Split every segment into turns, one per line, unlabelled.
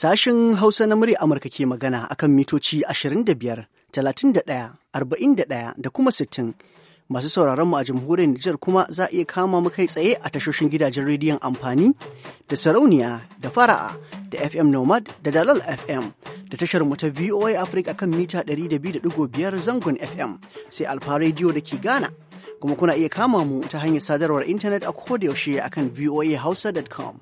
Sashen Hausa na murya Amurka ke magana akan mitoci 25, 31, 41 da kuma 60. Masu sauraron mu a jamhuriyar Nijar kuma za a iya kama mu kai tsaye a tashoshin gidajen rediyon amfani da sarauniya da fara'a da FM Nomad da Dalal FM da tashar mu ta VOA Africa kan mita 200.5 zangon FM sai Alfa Radio da ke Ghana. Kuma kuna iya kama mu ta hanyar sadarwar intanet a kodayaushe akan voahausa.com.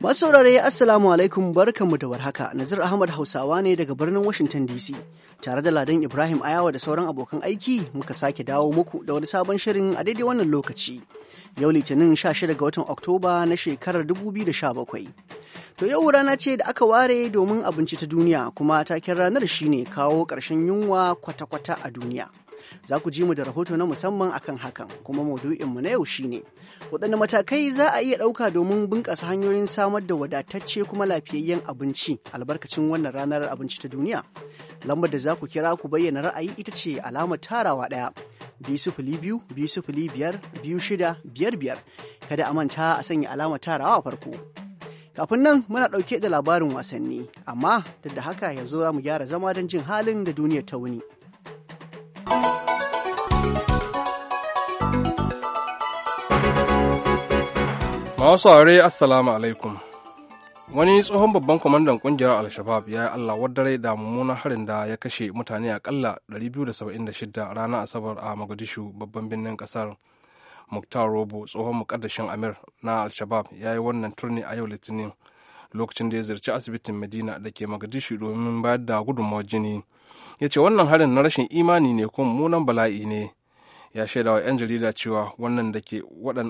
Masu saurare Assalamu alaikum barkanmu da warhaka Nazir Ahmad Hausawa ne daga birnin Washington DC tare da Ladan Ibrahim Ayawa da sauran abokan aiki muka sake dawo muku da wani sabon shirin a daidai wannan lokaci. Yau Litinin 16 ga watan Oktoba na shekarar 2017. To yau rana ce da aka ware domin abinci ta duniya kuma taken ranar shine kawo ƙarshen yunwa kwata-kwata a duniya. Za ku ji mu da rahoto na musamman akan hakan kuma mu na yau shine waɗanne matakai za a iya ɗauka domin bunƙasa hanyoyin samar da wadatacce kuma lafiyayyen abinci albarkacin wannan ranar abinci ta duniya. Lambar da za ku kira ku bayyana ra'ayi ita ce alamar tarawa ɗaya. sifili biyu fili biyar biyu shida biyar biyar kada a manta a sanya alama tarawa a farko kafin nan muna ɗauke da labarin wasanni amma duk da haka yanzu za mu gyara zama don jin halin da duniyar ta wuni.
Masu aure Assalamu alaikum. Wani tsohon babban kwamandan kungiyar Al-Shabab ya yi Allah wadare da mummunan harin da ya kashe mutane akalla 276 ranar Asabar a Mogadishu babban birnin kasar. Muktar Robo tsohon mukaddashin Amir na Al-Shabab ya yi wannan turni a yau Litinin lokacin da ya ziyarci asibitin madina da ke magadishu domin bayar da gudunmawar jini. ya ce wannan harin na rashin imani ne kuma munan bala'i ne ya shaida wa 'yan jarida cewa wannan da ke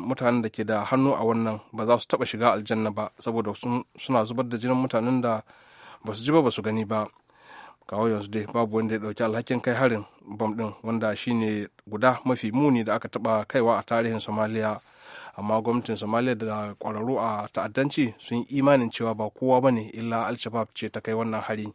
mutanen da ke da hannu a wannan ba za su taɓa shiga aljanna ba saboda suna zubar da jinin mutanen da ba su ji ba ba su gani ba kawo yanzu dai babu wanda ya ɗauki alhakin kai harin bam ɗin wanda shine guda mafi muni da aka taɓa kaiwa a tarihin somaliya amma gwamnatin somaliya da ƙwararru a ta'addanci sun imanin cewa ba kowa ba ne illa al ce ta kai wannan hari.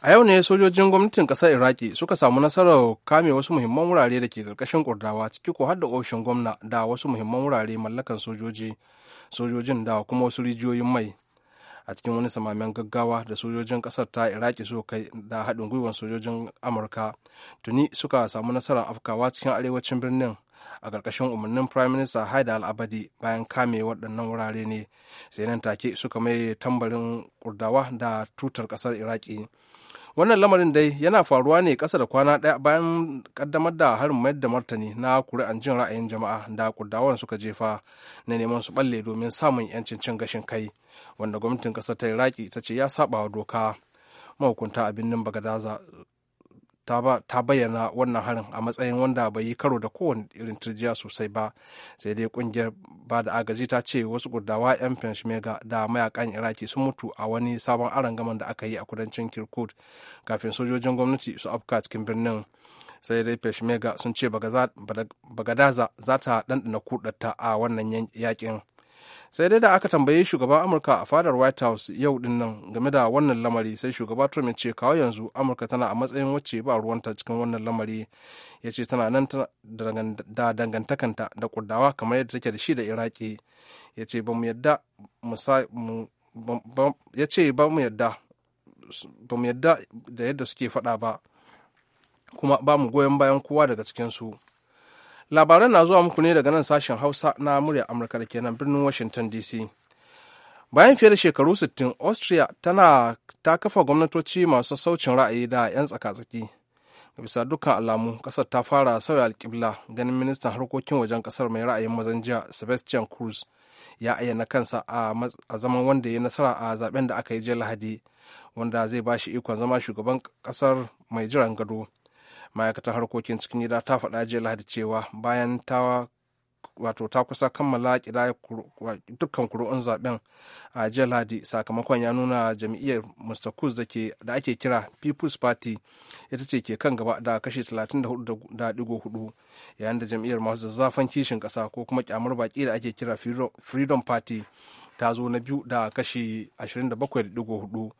a yau ne sojojin gwamnatin kasar iraki suka samu nasarar kame wasu muhimman wurare da ke karkashin kurdawa ciki ko har da ofishin gwamna da wasu muhimman wurare mallakan sojoji sojojin da kuma wasu rijiyoyin mai a cikin wani samamen gaggawa da sojojin kasar ta iraki suka kai da haɗin gwiwar sojojin amurka tuni suka samu nasarar afkawa cikin arewacin birnin a ƙarƙashin umarnin prime minister haida al'abadi bayan kame waɗannan wurare ne sai nan take suka mai tambarin kurdawa da tutar ƙasar iraki wannan lamarin dai yana faruwa ne kasa da kwana ɗaya bayan kaddamar da harin mayar da martani na kuri'an jin ra'ayin jama'a da kurdawan suka jefa na neman su balle domin samun yancin cin gashin kai wanda gwamnatin ƙasar ta iraki ta ce ya saba wa doka mahukunta a birnin bagadaza ta bayyana wannan harin a matsayin wanda bai yi karo da kowane irin turjiya sosai ba sai dai kungiyar ba da agaji ta ce wasu gurdawa 'yan mega da mayakan iraki sun mutu a wani sabon arangaman da aka yi a kudancin kirkuk kafin sojojin gwamnati su afka cikin birnin sai dai peshmerga sun ce bagadaza za ta ɗanɗana kudatta a wannan yakin sai dai da aka tambaye shugaban amurka a fadar white house yau din nan game da wannan lamari sai shugaba trump ya ce kawo yanzu amurka tana a matsayin wacce ba ruwanta cikin wannan lamari ya ce tana nan da dangantakanta da kurdawa kamar yadda take da shi da iraki ya ce ba mu yadda da yadda suke faɗa ba kuma ba mu goyon bayan kowa daga cikinsu labaran na zuwa muku ne daga nan sashen hausa na murya amurka da kenan birnin washington dc bayan fiye da shekaru 60 austria tana ta kafa gwamnatoci masu saucin ra'ayi da 'yan tsaka-tsaki bisa dukkan alamu kasar ta fara sauya alkibla ganin ministan harkokin wajen kasar mai ra'ayin mazan jiya sebastian cruz ya ayyana kansa a zaman wanda ya nasara a zaben da aka yi jiya lahadi wanda zai ba shi ikon zama shugaban kasar mai jiran gado ma'aikatan harkokin cikin gida ta faɗa jiya lahadi cewa bayan ta wato ta kusa kammala kira dukkan kuri'un zaben a jiya lahadi sakamakon ya nuna jam'iyyar mr kuz da ake kira people's party ita ce ke kan gaba da kashi 34.4 yayin da jam'iyyar masu zazzafan kishin ƙasa ko kuma kyamar baki da ake kira freedom party ta zo na biyu da kashi 27.4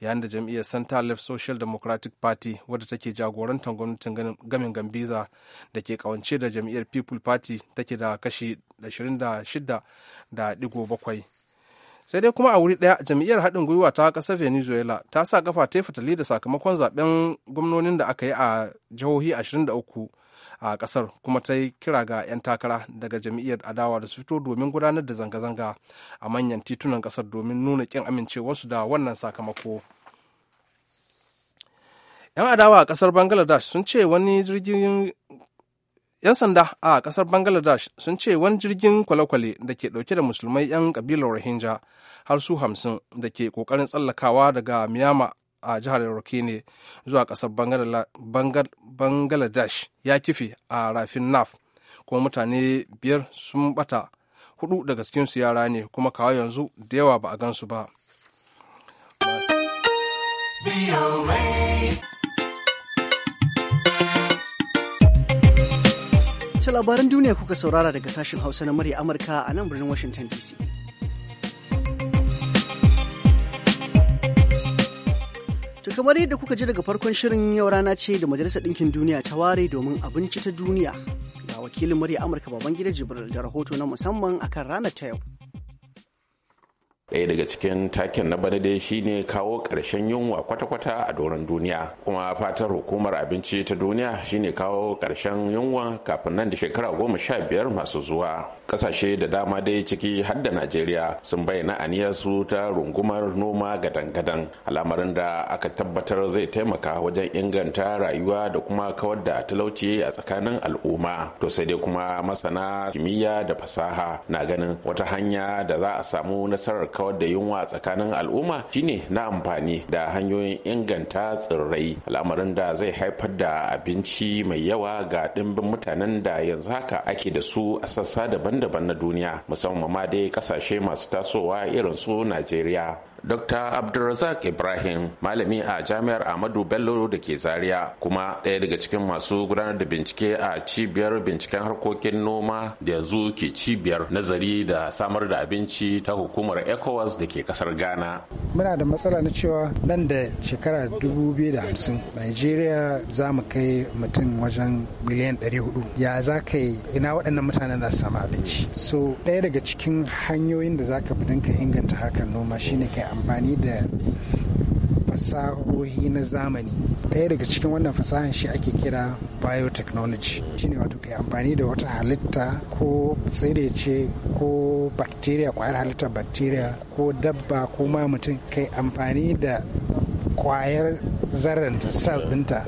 yayin da jam'iyyar center left social democratic party wadda take jagorantar gwamnatin gamin gambiza da ke kawance da jam'iyyar people party take da kashi 26.7 sai dai kuma a wuri daya jam'iyyar haɗin gwiwa ta ƙasar venezuela ta sa kafa ta yi fitali da sakamakon zaben gwamnonin da aka yi a jihohi 23 a kasar kuma ta yi kira ga 'yan takara daga jam'iyyar adawa da su fito domin gudanar da zanga-zanga a manyan titunan kasar domin nuna kin amincewarsu da wannan sakamako. 'yan adawa a kasar bangladesh sun ce wani jirgin 'yan sanda a kasar bangladesh sun ce wani jirgin kwalekwale da ke dauke da musulmai 'yan kabilar rohingya har su hamsin da ke kokarin tsallakawa daga miyama a jihar ne zuwa ƙasar bangaladesh ya kife a rafin Naf kuma mutane biyar sun bata hudu daga cikinsu yara ne kuma kawo yanzu da yawa ba a gansu ba.
Ta labaran duniya kuka saurara daga sashen Hausa na murya Amurka a nan birnin Washington DC. kamar yadda kuka ji daga farkon shirin yau rana ce da Majalisar Ɗinkin Duniya ta ware domin abinci ta duniya. Ga wakilin murya Amurka gida Jibril da rahoto na musamman a kan ranar ta yau.
ɗaya daga cikin taken na bana dai shine kawo ƙarshen yunwa kwata-kwata a doron duniya kuma fatar hukumar abinci ta duniya shine kawo ƙarshen yunwa kafin nan da shekara goma sha biyar masu zuwa ƙasashe da dama dai ciki har da najeriya sun bayyana aniyarsu ta rungumar noma gadan-gadan al'amarin da aka tabbatar zai taimaka wajen inganta rayuwa da kuma kawar da talauci a tsakanin al'umma to sai dai kuma masana kimiyya da fasaha na ganin wata hanya da za a samu nasarar kawar da yunwa tsakanin al'umma shine na amfani da hanyoyin inganta tsirrai al'amarin da zai haifar da abinci mai yawa ga ɗimbin mutanen da yanzu haka ake da su a sassa daban-daban na duniya musamman ma dai ƙasashe masu tasowa irin su najeriya Dr. Abdulrazak Ibrahim malami a jami'ar Ahmadu Bello da ke Zaria kuma ɗaya daga cikin masu gudanar da bincike a cibiyar binciken harkokin noma da yanzu ke cibiyar nazari da samar da abinci ta hukumar ECOWAS da ke kasar Ghana.
Muna da matsala na cewa nan da shekara 2050 Najeriya za mu kai mutum wajen miliyan 400 ya za ka yi ina waɗannan mutanen za su samu abinci. So ɗaya daga cikin hanyoyin da za ka fi ka inganta harkar noma shine kai amfani da fasahohi na zamani ɗaya daga cikin wannan fasahan shi ake kira biotechnology shine wato kai amfani da wata halitta ko tsire ce ko bacteria kwayar halittar bacteria ko dabba ko ma mutum kai amfani da kwayar zarranta cell ɗinta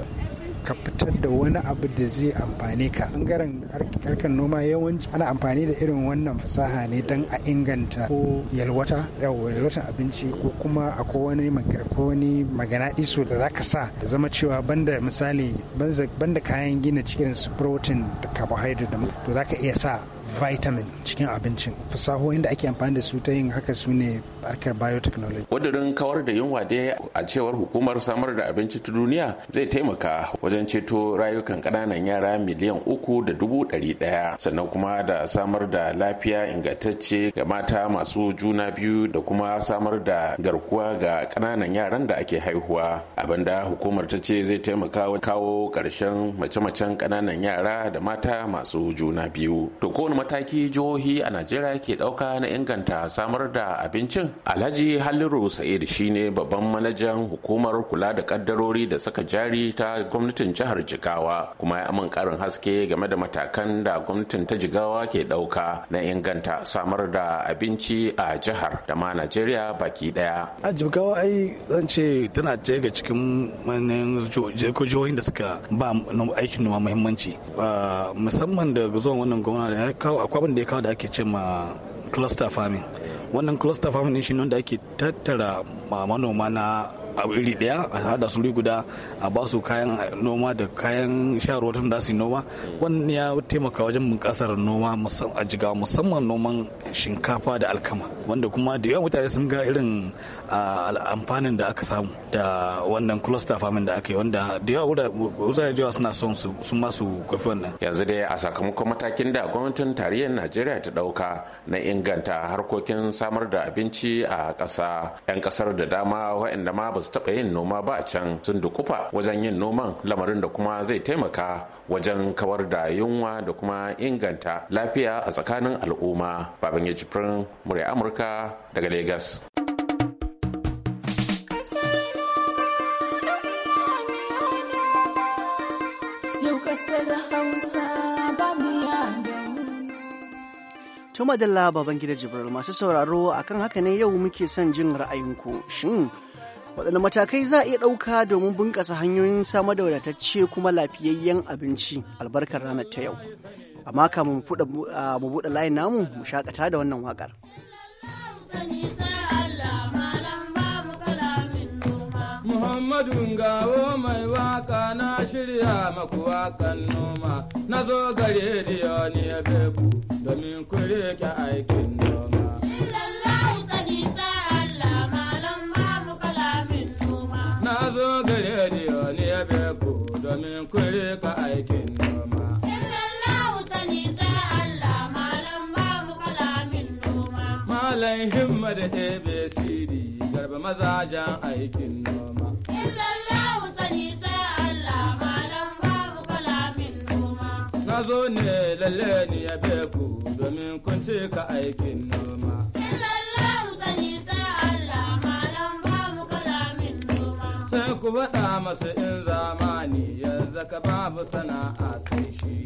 ka fitar da wani abu da zai amfane ka bangaren harkar noma yawanci ana amfani da irin wannan fasaha ne don a inganta ko yalwata yalwatan abinci ko kuma akwai wani wani magana iso da zaka sa da zama cewa banda misali banda kayan gina cikin su protein da carbohydrate to zaka iya sa vitamin cikin abincin fasahohin da ake amfani da su ta yin haka su ne harkar biotechnology
wadannan kawar da yunwa dai a cewar hukumar samar da abinci ta duniya zai taimaka wajen ceto rayukan ƙananan yara miliyan uku da dubu ɗari ɗaya sannan kuma da samar da lafiya ingantacce ga mata masu juna biyu da kuma samar da garkuwa ga ƙananan yaran da ake haihuwa abinda hukumar ta ce zai taimaka kawo ƙarshen mace-macen kananan yara da mata masu juna biyu to mataki jihohi a najeriya ke ɗauka na inganta samar da abincin alhaji halliru sa'id shine babban manajan hukumar kula da kaddarori da saka jari ta gwamnatin jihar jigawa kuma ya amin karin haske game da matakan da gwamnatin ta jigawa ke ɗauka na inganta samar da abinci a jihar da ma najeriya baki daya
a jigawa ai zan ce tana ce ga cikin jihohin da suka ba aikin noma muhimmanci ah, musamman da zuwan wannan gwamna kawo akwai abin da ya kawo da ake ce ma cluster farming wannan cluster farming ne shi ne wanda ake tattara manoma na abu iri daya a hada su guda a ba su kayan noma da kayan sha ruwa da su noma wannan ya taimaka wajen bunƙasar noma a jiga musamman noman shinkafa da alkama
wanda kuma da yawan mutane sun ga irin amfanin da aka samu da wannan cluster farming da aka yi wanda da yawa wurare da suna
son su masu kwafi wannan yanzu dai a sakamakon matakin da gwamnatin tarayyar najeriya ta ɗauka na inganta harkokin samar da abinci a ƙasa 'yan ƙasar da dama waɗanda ma ba su taɓa yin noma ba a can sun dukufa wajen yin noman lamarin da kuma zai taimaka wajen kawar da yunwa da kuma inganta lafiya a tsakanin al'umma baban ya jifin murya amurka daga lagos
Tuma da baban gida Jibril masu sauraro akan haka ne yau muke son jin ra'ayinku shin waɗanne matakai za a iya ɗauka domin bunƙasa hanyoyin samar da wadatacce kuma lafiyayyen abinci albarkar ranar ta yau amma kamun ah, mu buɗe layin namu mu shakata da wannan waƙar. Muhammadu
Gawo mai waka na shirya maku wakan noma, na zo gare ya beku domin ku rike aikin noma. domin kure ka aikin noma. Allah, Malam himma da ABCD garba mazajen aikin noma. Illallahu sani sai Allah malam babu kalamin noma. Na zo ne lalle ni ya ku domin kun ka aikin noma. Illallahu masu in zamani yanzu ka babu sana'a sai shi.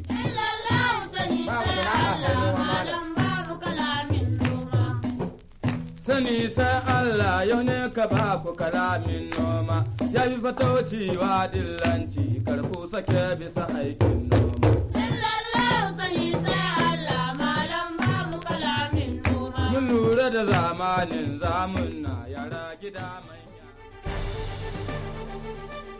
Babu sana'a sai noma Sani sai Allah yau ne ka ba ku karamin noma, ya fi fatauci wa dillanci karku sake bisa aikin noma. Mun lura da zamanin zamun na yara gida mai.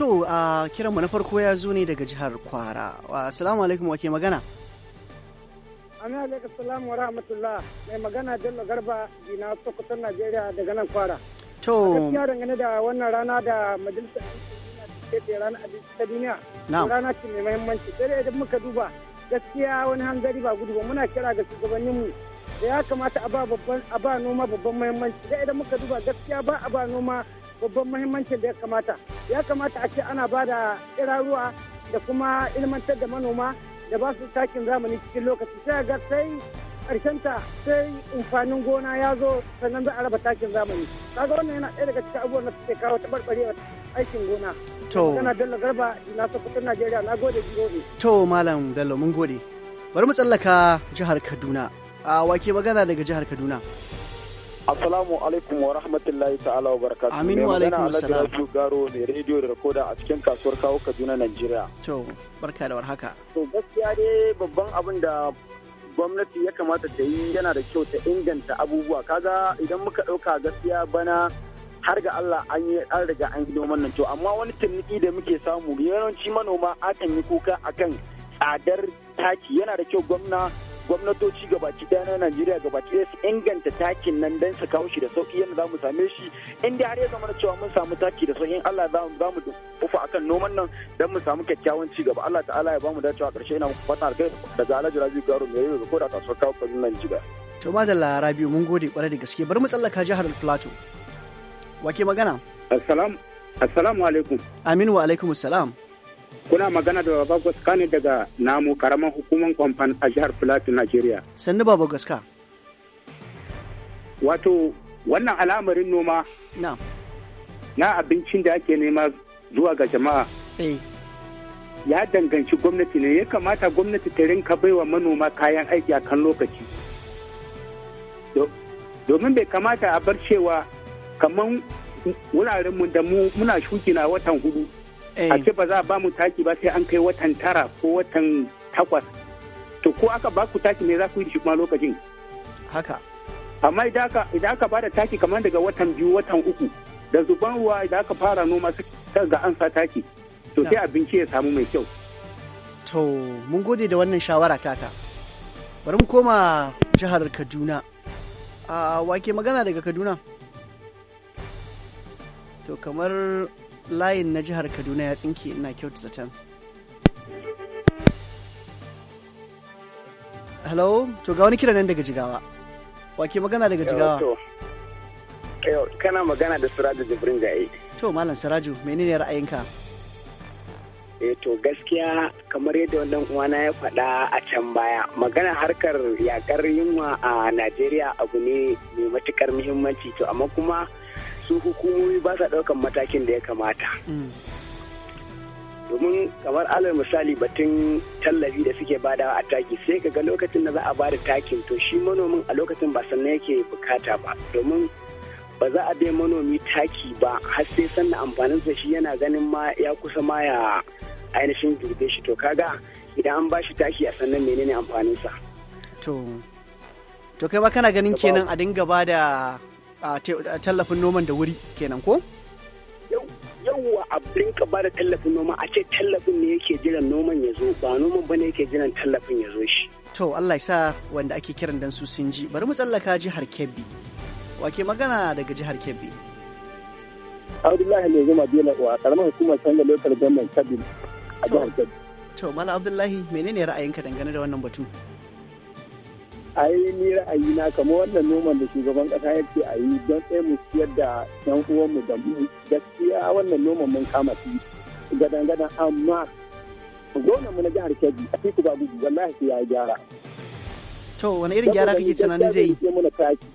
To a kiranmu na farko ya zo ne daga jihar Kwara. Assalamu alaikum wa ke magana.
Ami alaika salamu wa
rahmatullah. Mai magana Bello Garba Dina Sokoto Najeriya daga nan Kwara. To. Gaskiya dangane da wannan rana da majalisar ke rana ta duniya. Rana ce mai muhimmanci. Sai idan muka duba gaskiya wani hangari ba gudu ba muna kira ga shugabanninmu da ya kamata a ba noma babban muhimmanci. Sai idan muka duba gaskiya ba a ba noma babban mahimmancin da ya kamata ya kamata a ce ana ba da ruwa da
kuma ilmantar da manoma da ba su takin zamani cikin lokaci sai ga sai ta sai amfanin gona ya zo sannan za a raba takin zamani kaga wannan yana ɗaya daga cikin abubuwan da suke kawo taɓarɓarewar aikin gona
to kana dalla
garba ina so kudin najeriya na gode gode
to malam dallo mun gode bari mu tsallaka jihar kaduna a wake magana daga jihar kaduna
Assalamu alaikum wa rahmatullahi ta'ala wa barakatuhu. Aminu wa alaikum salam. Mai Garo ne rediyo da rikoda a cikin kasuwar kawo Kaduna Najeriya.
To, barka da warhaka.
To, gaskiya dai babban abin da gwamnati ya kamata ta yi yana da kyau ta inganta abubuwa. Kaga idan muka ɗauka gaskiya bana har ga Allah an yi an riga an yi nan to amma wani tuniki da muke samu yawanci manoma akan yi kuka akan tsadar taki yana da kyau gwamna gwamnatoci gabaki daya na najeriya gabaki daya su inganta takin nan don su kawo shi da sauki yadda za mu same shi inda har ya zama na cewa mun samu taki da sauki in allah za mu za mu ufa akan noman nan don mu samu kyakkyawan ci gaba allah ta'ala ya ba mu dacewa karshe ina muku fata alkai daga alhaji rabiu garo mai yau ko da kasuwar kawo kwanin nan jiga.
to madalla rabiu mun gode kwarai da gaske bari mu tsallaka jihar plateau wake magana.
assalamu assalamu alaikum.
aminu wa alaikum assalam. kuna magana
da baba gaska ne daga namu karamar hukumar kwamfan a jihar Filatin nigeria
sannu baba gaska
wato wannan al'amarin noma na abincin da ake nema zuwa ga jama'a eh. ya danganci gwamnati ne ya kamata gwamnati ta rinka baiwa manoma kayan aiki a kan lokaci domin bai kamata a bar cewa wuraren mu da muna shuki na watan hudu Eh. a ce ba za a ba mu taki ba sai an kai watan tara ko watan takwas to ko aka ba ku taki me za ku yi da shi kuma lokacin haka amma idan aka ba da taki kamar daga watan biyu watan uku da zuban ruwa idan aka fara noma sai ga an sa taki to sai abinci ya samu mai kyau
to mun gode da wannan shawara tata bari mu koma jihar kaduna a ah, wake magana daga kaduna to kamar layin na jihar kaduna ya tsinke ina kyautu zaton hello to ga wani kira nan daga jigawa wake magana daga jigawa
kana magana da siraju jibrin yi.
to malam siraju menene ra'ayinka
eh to gaskiya kamar yadda wannan uwana ya faɗa a can baya magana harkar yakar yunwa a najeriya abu ne mai matukar muhimmanci to amma kuma su hukumomi ba sa ɗaukan matakin da ya kamata. Mm. domin kamar alal misali batun tallafi da suke badawa a taki sai ka ga lokacin da za a bada takin to shi manomin a lokacin ba sannan yake bukata ba domin ba za a bai manomi taki ba har sai sannan amfanin shi yana ganin ma ya kusa ma ya ainihin girbe shi to kaga idan an bashi taki a sannan menene amfaninsa
to to kai ba kana ganin kenan a dinga bada tallafin noman da wuri kenan ko?
yawwa abin ka ba da tallafin noma a ce tallafin ne yake jiran noman ya zo ba noman bane yake jiran tallafin ya zo shi.
To Allah ya sa wanda ake kiran dan su sun ji bari mu tsallaka jihar Kebbi. Wake magana daga jihar Kebbi. Abdullahi ne zuma na uwa karamar hukumar sanda lokal gwamnan Kebbi a jihar Kebbi. To Mala Abdullahi menene ra'ayinka dangane da wannan batu? ai
ni ra'ayi na kamar wannan noman da shugaban kasa ya ce a yi don sai mu siyar da yan uwanmu da mu gaskiya wannan noman mun kama shi gadan gadan amma gonan mu na jihar Kebbi a fiku ba gudu wallahi sai ya gyara
to wani irin gyara kake tunanin zai yi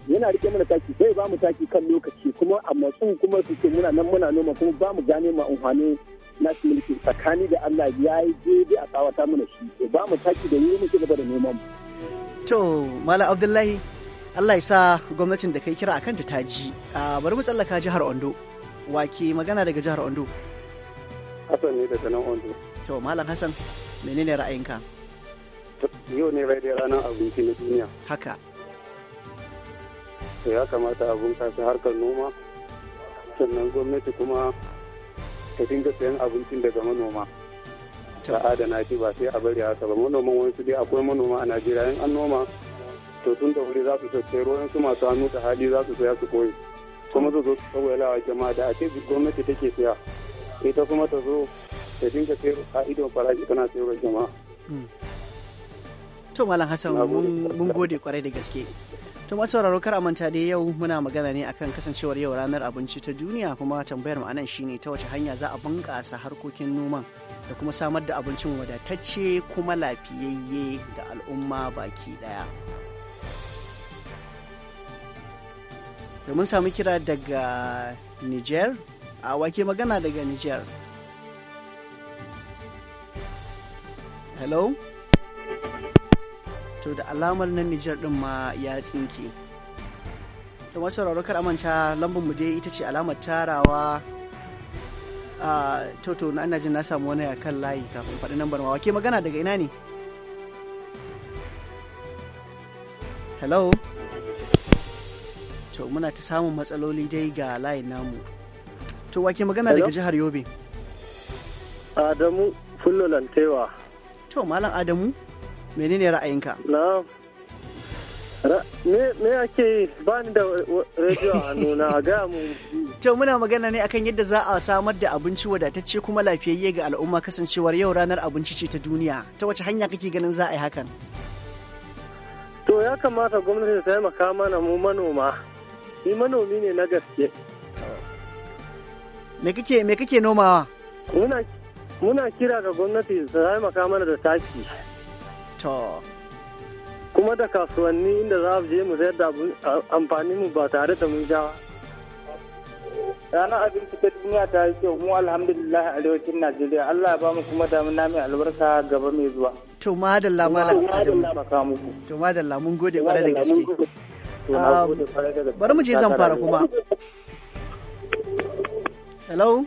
yana rike mana taki sai ba mu taki kan lokaci kuma a matsu kuma su ce muna nan muna noma kuma ba mu gane ma na nasu mulki tsakani da Allah ya yi
daidai a tsawata mana shi ba mu taki da yi mu ci gaba da noman mu to malam abdullahi allah ya sa gwamnatin da kai kira a kanta ta ji bari mu tsallaka jihar ondo wake magana daga jihar ondo hassan ne daga nan ondo to malam hassan menene ra'ayinka
yau ne bai ranar abinci na duniya haka to ya kamata abin kasa harkar noma sannan gwamnati kuma ta dinga sayan abincin daga manoma ta adana shi ba sai a bari haka ba manoman wani su dai akwai manoma a najeriya yan an noma to tun da wuri za su sosai ruwan su masu hannu da hali za su saya su koyi kuma zo zo su tsawailawa jama'a da ake gwamnati take saya ita kuma ta zo ta dinga sayar a idon faraji tana sayarwa jama'a.
Hmm. to malam hassan mun gode kwarai da gaske. To masu sauraro kar manta dai yau muna magana ne akan kasancewar yau ranar abinci ta duniya kuma tambayar mu anan shine ta wace hanya za a bunƙasa harkokin noman da kuma samar da abincin wadatacce kuma lafiyayye ga al'umma baki daya. Da mun samu kira daga Niger, a wake magana daga Niger. Hello? to da alamar nan Nijar din ma ya tsinke da wasu sauraro kar amanta lambar mu dai ita ce alamar tarawa a toto na ina jin na samu wani kan layi kafin faɗi nan ma wake magana daga ina ne hello to muna ta samun matsaloli dai ga layin namu to wake magana daga jihar yobe
adamu fullo lantewa
to malam adamu menene ra'ayinka me ake yi ba ni da rediyo a nuna a gaya mu to muna magana ne akan yadda za a samar da abinci wadatacce kuma lafiyayye ga al'umma kasancewar yau ranar abinci ce ta duniya ta wace hanya kake ganin za a yi hakan to ya
kamata gwamnati ta taimaka mana mu manoma ni manomi ne na gaske
me kake me kake nomawa
muna muna kira ga gwamnati ta taimaka mana da taki To. Kuma da kasuwanni inda za je mu sayar da amfani mu ba tare da mun ja. Ranar abinci ta duniya ta yi kyau mu alhamdulillah arewacin Najeriya Allah ya ba mu kuma damuna mai albarka gaba mai zuwa.
To madalla malam Adamu. To madalla mun gode um, kwarai da gaske.
Bari mu je zan fara kuma.
Hello?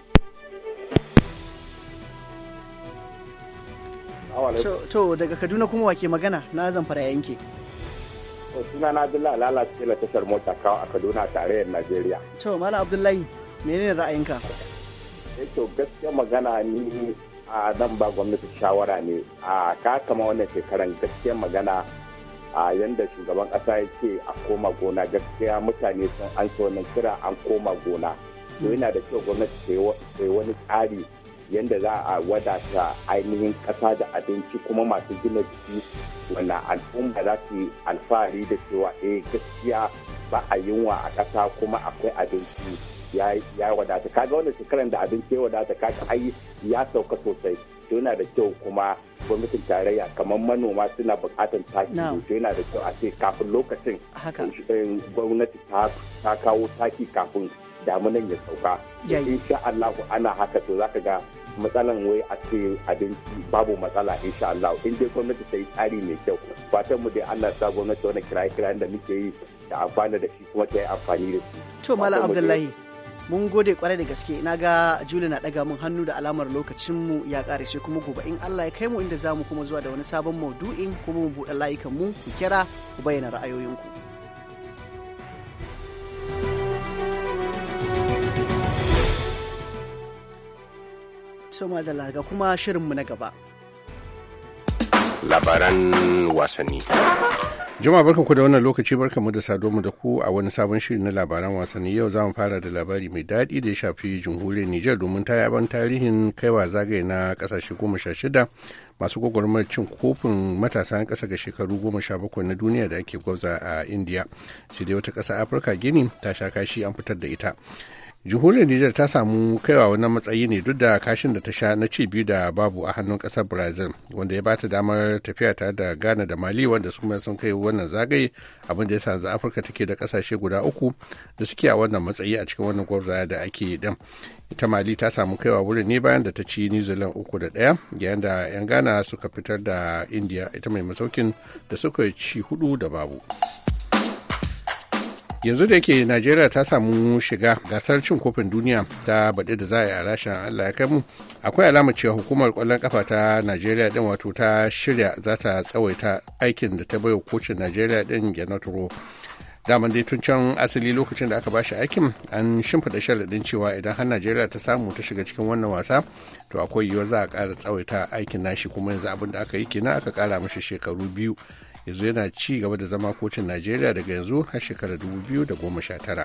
to daga kaduna kuma wake magana na zamfara yanke
suna na abdullahi lala na tashar mota kawo a kaduna tare da najeriya
to mala abdullahi menene ra'ayinka
eh, to gaskiya magana ni a nan ba gwamnati shawara ne a ka kama wannan shekaran gaskiya magana a yanda shugaban kasa ya ce a koma gona gaskiya mutane sun an so kira an koma gona to hmm. yana da kyau gwamnati ta yi wani tsari yadda za a wadata ainihin ƙasa da abinci kuma masu gina jiki wanda al'umma za su yi alfahari da cewa eh gaskiya ba a yunwa a ƙasa kuma akwai abinci ya wadata kaga wannan shekaran da abinci ya wadata kaga ai ya sauka sosai to yana da kyau kuma gwamnatin tarayya kamar manoma suna bukatar taki to yana da kyau a ce kafin lokacin eh, gwamnati ta kawo taki kafin damunan ya sauka insha Allah ana haka to zaka ga matsalan wai a ce abinci babu matsala insha Allah in dai gwamnati ta yi tsari mai kyau fatan mu dai Allah sa gwamnati wani kirayen kirayen da muke yi da amfana da shi kuma ta yi amfani da shi
to malam Abdullahi mun gode kwarai da gaske na ga juli na daga mun hannu da alamar lokacinmu ya kare sai kuma gobe in Allah ya kai mu inda zamu kuma zuwa da wani sabon maudu'in kuma mu buɗe layukan mu ku kira ku bayyana ra'ayoyinku. So madalla ga kuma shirinmu na gaba.
Labaran wasanni.
barka barkanku da wannan lokaci mu da saduwa da ku a wani sabon shiri na labaran wasanni yau zamu fara da labari mai daɗi da ya shafi jamhuriyar Nijar domin ta yaban tarihin kaiwa zagaye na kasashe goma sha shida masu gwagwarmar cin kofin matasan kasa ga shekaru goma sha bakwai na duniya da ake gwabza a Indiya. Shi dai wata ƙasa Afirka Gini ta sha kashi an fitar da ita. jihuriyar nijar ta samu kaiwa wani matsayi ne duk da kashin da ta sha na ci biyu da babu a hannun kasar brazil wanda ya bata damar tafiya ta da ghana da mali wanda su sun kai wannan zagaye abin da ya sa afirka take da kasashe guda uku da suke a wannan matsayi a cikin wannan gwabza da ake dan ita mali ta samu kaiwa wurin ne bayan da ta ci new zealand uku da daya yayin da yan ghana suka fitar da india ita mai masaukin da suka ci hudu da babu. yanzu da yake najeriya ta samu shiga gasar cin kofin duniya ta baɗi da za a yi a rashin allah ya kai mu akwai alamar cewa hukumar kwallon kafa ta najeriya din wato ta shirya za ta tsawaita aikin da ta baiwa kocin najeriya din genotro daman dai tun can asali lokacin da aka bashi aikin an shimfiɗa sharaɗin cewa idan har najeriya ta samu ta shiga cikin wannan wasa to akwai yiwuwar za a ƙara tsawaita aikin nashi kuma yanzu abin da aka yi kenan aka ƙara mashi shekaru biyu yanzu yana ci gaba da zama kocin najeriya daga yanzu har shekarar 2019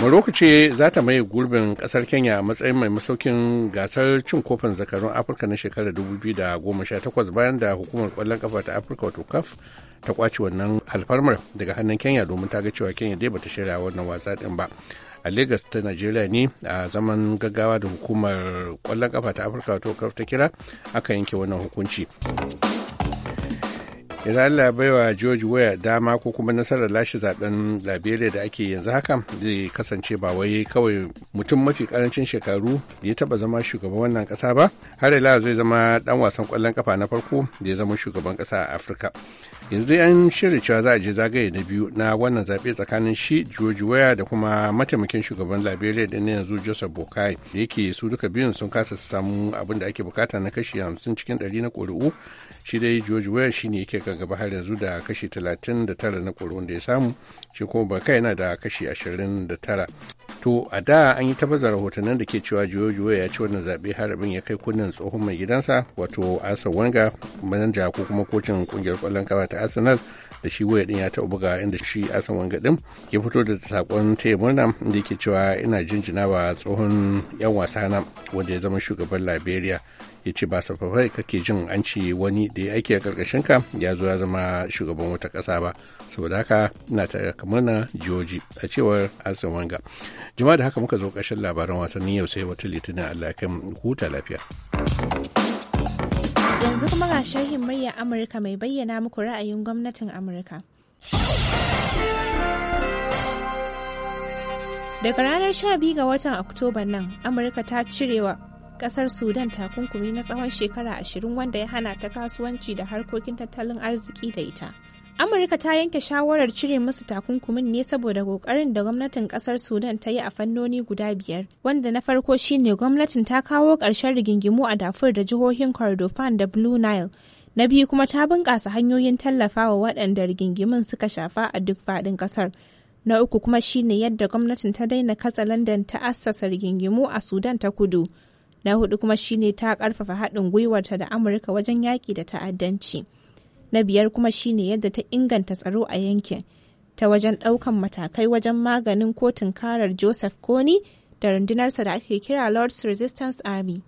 Morocco ce za ta maye gurbin kasar Kenya a matsayin mai masaukin gasar cin kofin zakarun Afirka na shekarar 2018 bayan da hukumar kwallon kafa ta Afirka wato CAF ta kwace wannan alfarmar daga hannun Kenya domin ta ga cewa Kenya dai bata shirya wannan wasa din ba. A Lagos ta nigeria ne a zaman gaggawa da hukumar kwallon kafa ta Afirka wato CAF ta kira aka yanke wannan hukunci. idan Allah baiwa George Weah dama ko kuma nasarar lashe zaben Liberia da ake yanzu haka zai kasance ba wai kawai mutum mafi karancin shekaru da ya taba zama shugaban wannan kasa ba har ila zai zama dan wasan kwallon kafa na farko da ya zama shugaban kasa a Afirka yanzu dai an shirya cewa za a je zagaye na biyu na wannan zaɓe tsakanin shi George Weah da kuma mataimakin shugaban Liberia din yanzu Joseph Boakai da yake su duka biyun sun kasa su samu abin da ake bukata na kashi 50 cikin 100 na kuri'u. shi dai george weah shine yake kan gaba har yanzu da kashi 39 na ƙuri'un da ya samu shi kuma baka yana da kashi 29 to a da an yi tabbaza rahotannin da ke cewa george weah ya ci wannan zaɓe har abin ya kai kunnen tsohon mai gidansa wato asa wanga manaja ko kuma kocin kungiyar kwallon kafa ta arsenal da shi waya din ya taɓa buga inda shi asan wanga din ya fito da sakon taya murna da yake cewa ina jinjina wa tsohon yan wasa na wanda ya zama shugaban liberia ya ce ba safafai kake jin an ce wani da ya aiki a karkashin ka ya zo ya zama shugaban wata ƙasa ba saboda haka ina tare kamar na joji a cewar asan wanga jima da haka muka zo ƙarshen labaran wasannin yau sai wata litinin allah kan huta lafiya.
Yanzu kuma ga sharhin murya Amurka mai bayyana muku ra'ayin gwamnatin Amurka. Daga ranar 12 ga watan Oktoba nan, Amurka ta cirewa kasar Sudan takunkumi na tsawon shekara 20 wanda ya hana ta kasuwanci da harkokin tattalin arziki da ita. amurka ta yanke shawarar cire musu takunkumin ne saboda kokarin da gwamnatin kasar sudan ta yi a fannoni guda biyar wanda na farko shine gwamnatin ta kawo ƙarshen rigingimu a dafur da jihohin kordofan da blue nile na biyu kuma ta bunƙasa hanyoyin tallafawa waɗanda rigingimun suka shafa a duk faɗin ƙasar na uku kuma shine yadda gwamnatin ta daina katsalandan ta assasa rigingimu a sudan ta kudu na hudu kuma shine ta ƙarfafa haɗin gwiwarta da amurka wajen yaƙi da ta'addanci. na biyar kuma shine yadda ta inganta tsaro a yankin ta wajen ɗaukan matakai wajen maganin kotun karar joseph kony da rundunarsa da ake kira lord's resistance army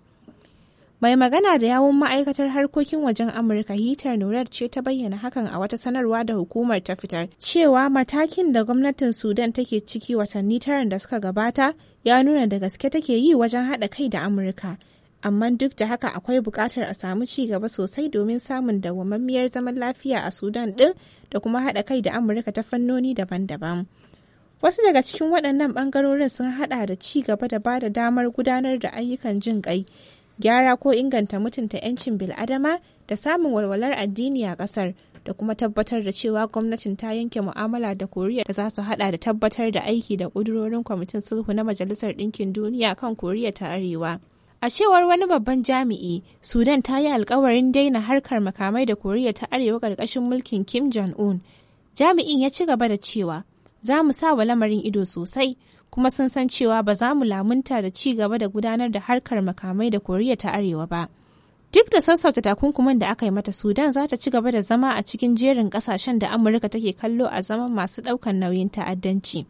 mai magana da yawon ma'aikatar harkokin wajen amurka hitar nurar ce ta bayyana hakan a wata sanarwa da hukumar ta fitar cewa matakin da gwamnatin sudan take ciki watanni tarin da suka gabata ya nuna da gaske take yi wajen haɗa kai da amurka amma duk da haka akwai bukatar a samu ci gaba sosai domin samun dawwammamiyar zaman lafiya a sudan din da kuma haɗa kai da amurka ta fannoni daban-daban wasu daga cikin waɗannan ɓangarorin sun haɗa da ci gaba da bada damar gudanar da ayyukan jin kai gyara ko inganta mutunta 'yancin bil'adama da samun walwalar addini a ƙasar da kuma tabbatar da cewa gwamnatin ta yanke mu'amala da koriya da za su hada da tabbatar da aiki da ƙudurorin kwamitin sulhu na majalisar ɗinkin duniya kan koriya ta arewa A cewar wani babban jami'i, Sudan ta yi alkawarin daina harkar makamai da Koriya ta Arewa karkashin mulkin Kim Jong-un. Jami'in ya ci gaba da cewa, za mu sa wa lamarin ido sosai, kuma sun san cewa ba za mu lamunta da ci gaba da gudanar da harkar makamai da Koriya ta Arewa ba. Duk da sassauta takunkumin da aka yi mata Sudan za ta ci gaba da zama a cikin jerin ƙasashen da Amurka take kallo a zaman masu ɗaukan nauyin ta'addanci.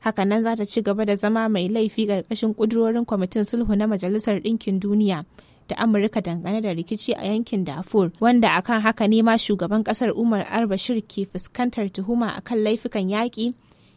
hakanan za ta ci gaba da zama mai laifi ƙarƙashin ƙudurorin kwamitin sulhu na majalisar ɗinkin duniya da amurka dangane da rikici a yankin darfur wanda akan haka ne ma shugaban ƙasar umar shir ke fuskantar tuhuma akan laifukan yaƙi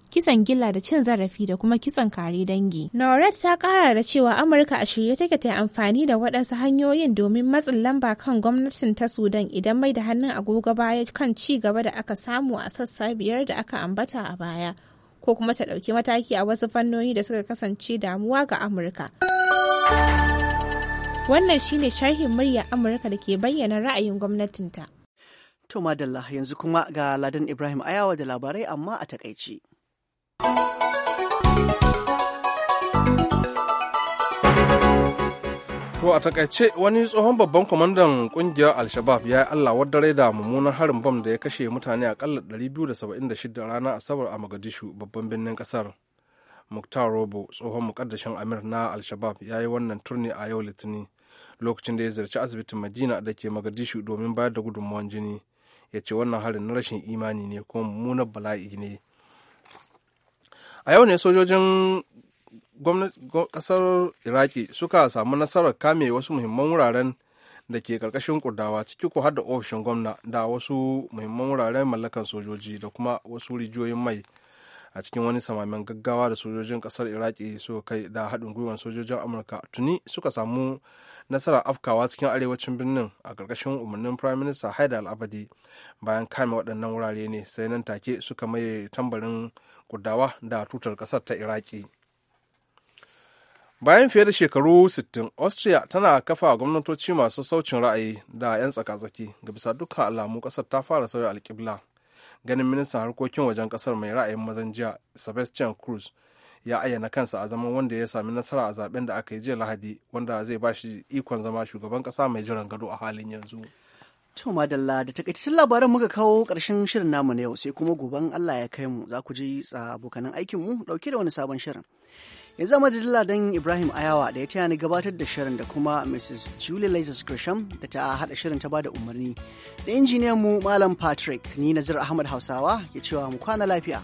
kisan gilla da cin zarafi da kuma kisan kare dangi. Noret ta kara da cewa Amurka a shirye take ta yi amfani da waɗansu hanyoyin domin matsin lamba kan gwamnatin ta Sudan idan mai da hannun agogo baya kan ci gaba da aka samu a sassa biyar da aka ambata a baya. ko kuma ta ɗauki mataki a wasu fannoni da suka kasance damuwa ga amurka wannan shine sharhin murya amurka da ke bayyana ra'ayin gwamnatinta
to madalla yanzu kuma ga ladan ibrahim ayawa da labarai amma a takaici.
To a takaice wani tsohon babban kwamandan kungiyar alshabab ya yi Allah wadare da mummunan harin bam da ya kashe mutane akalla 276 ranar Asabar a Mogadishu babban birnin kasar. Muktar Robo tsohon mukaddashin Amir na alshabab ya yi wannan turni a yau litini. lokacin da ya zarci asibitin Madina da ke magadishu domin bayar da gudunmuwan jini. Ya ce wannan harin na rashin imani ne kuma mummunar bala'i ne. a yau ne sojojin kasar iraki suka samu nasarar kame wasu muhimman wuraren da ke karkashin kurdawa ciki ko har da ofishin gwamna da wasu muhimman wuraren mallakan sojoji da kuma wasu rijiyoyin mai a cikin wani samamin gaggawa da sojojin kasar iraki suka kai da haɗin gwiwar sojojin amurka tuni suka samu nasarar afkawa cikin arewacin birnin a ƙarƙashin umarnin prime minister haidar al'abadi bayan kame waɗannan wurare ne sai nan take suka maye tambarin kudawa da tutar ƙasar ta iraki bayan fiye da shekaru 60 austria tana kafa gwamnatoci masu saucin ra'ayi da 'yan tsaka-tsaki ga bisa dukkan alamu kasar ta fara sauya alkibla ganin ministan harkokin wajen kasar mai ra'ayin mazan jiya sebastian cruz ya ayyana kansa a zaman wanda ya sami nasara a zaben da aka yi jiya lahadi wanda zai ba shi ikon zama shugaban kasa mai jiran gado a halin yanzu
To madalla da takaitattun labaran muka kawo karshen shirin namu na yau sai kuma goben Allah ya kai mu za ku ji abokanan aikinmu dauke da wani sabon shirin. yanzu zama da don ibrahim ayawa da ya taya ni gabatar da shirin da kuma mrs julie lazarus gresham da ta haɗa shirin ta bada umarni da injiniyan mu malam patrick ni nazir ahmad hausawa ke cewa mu kwana lafiya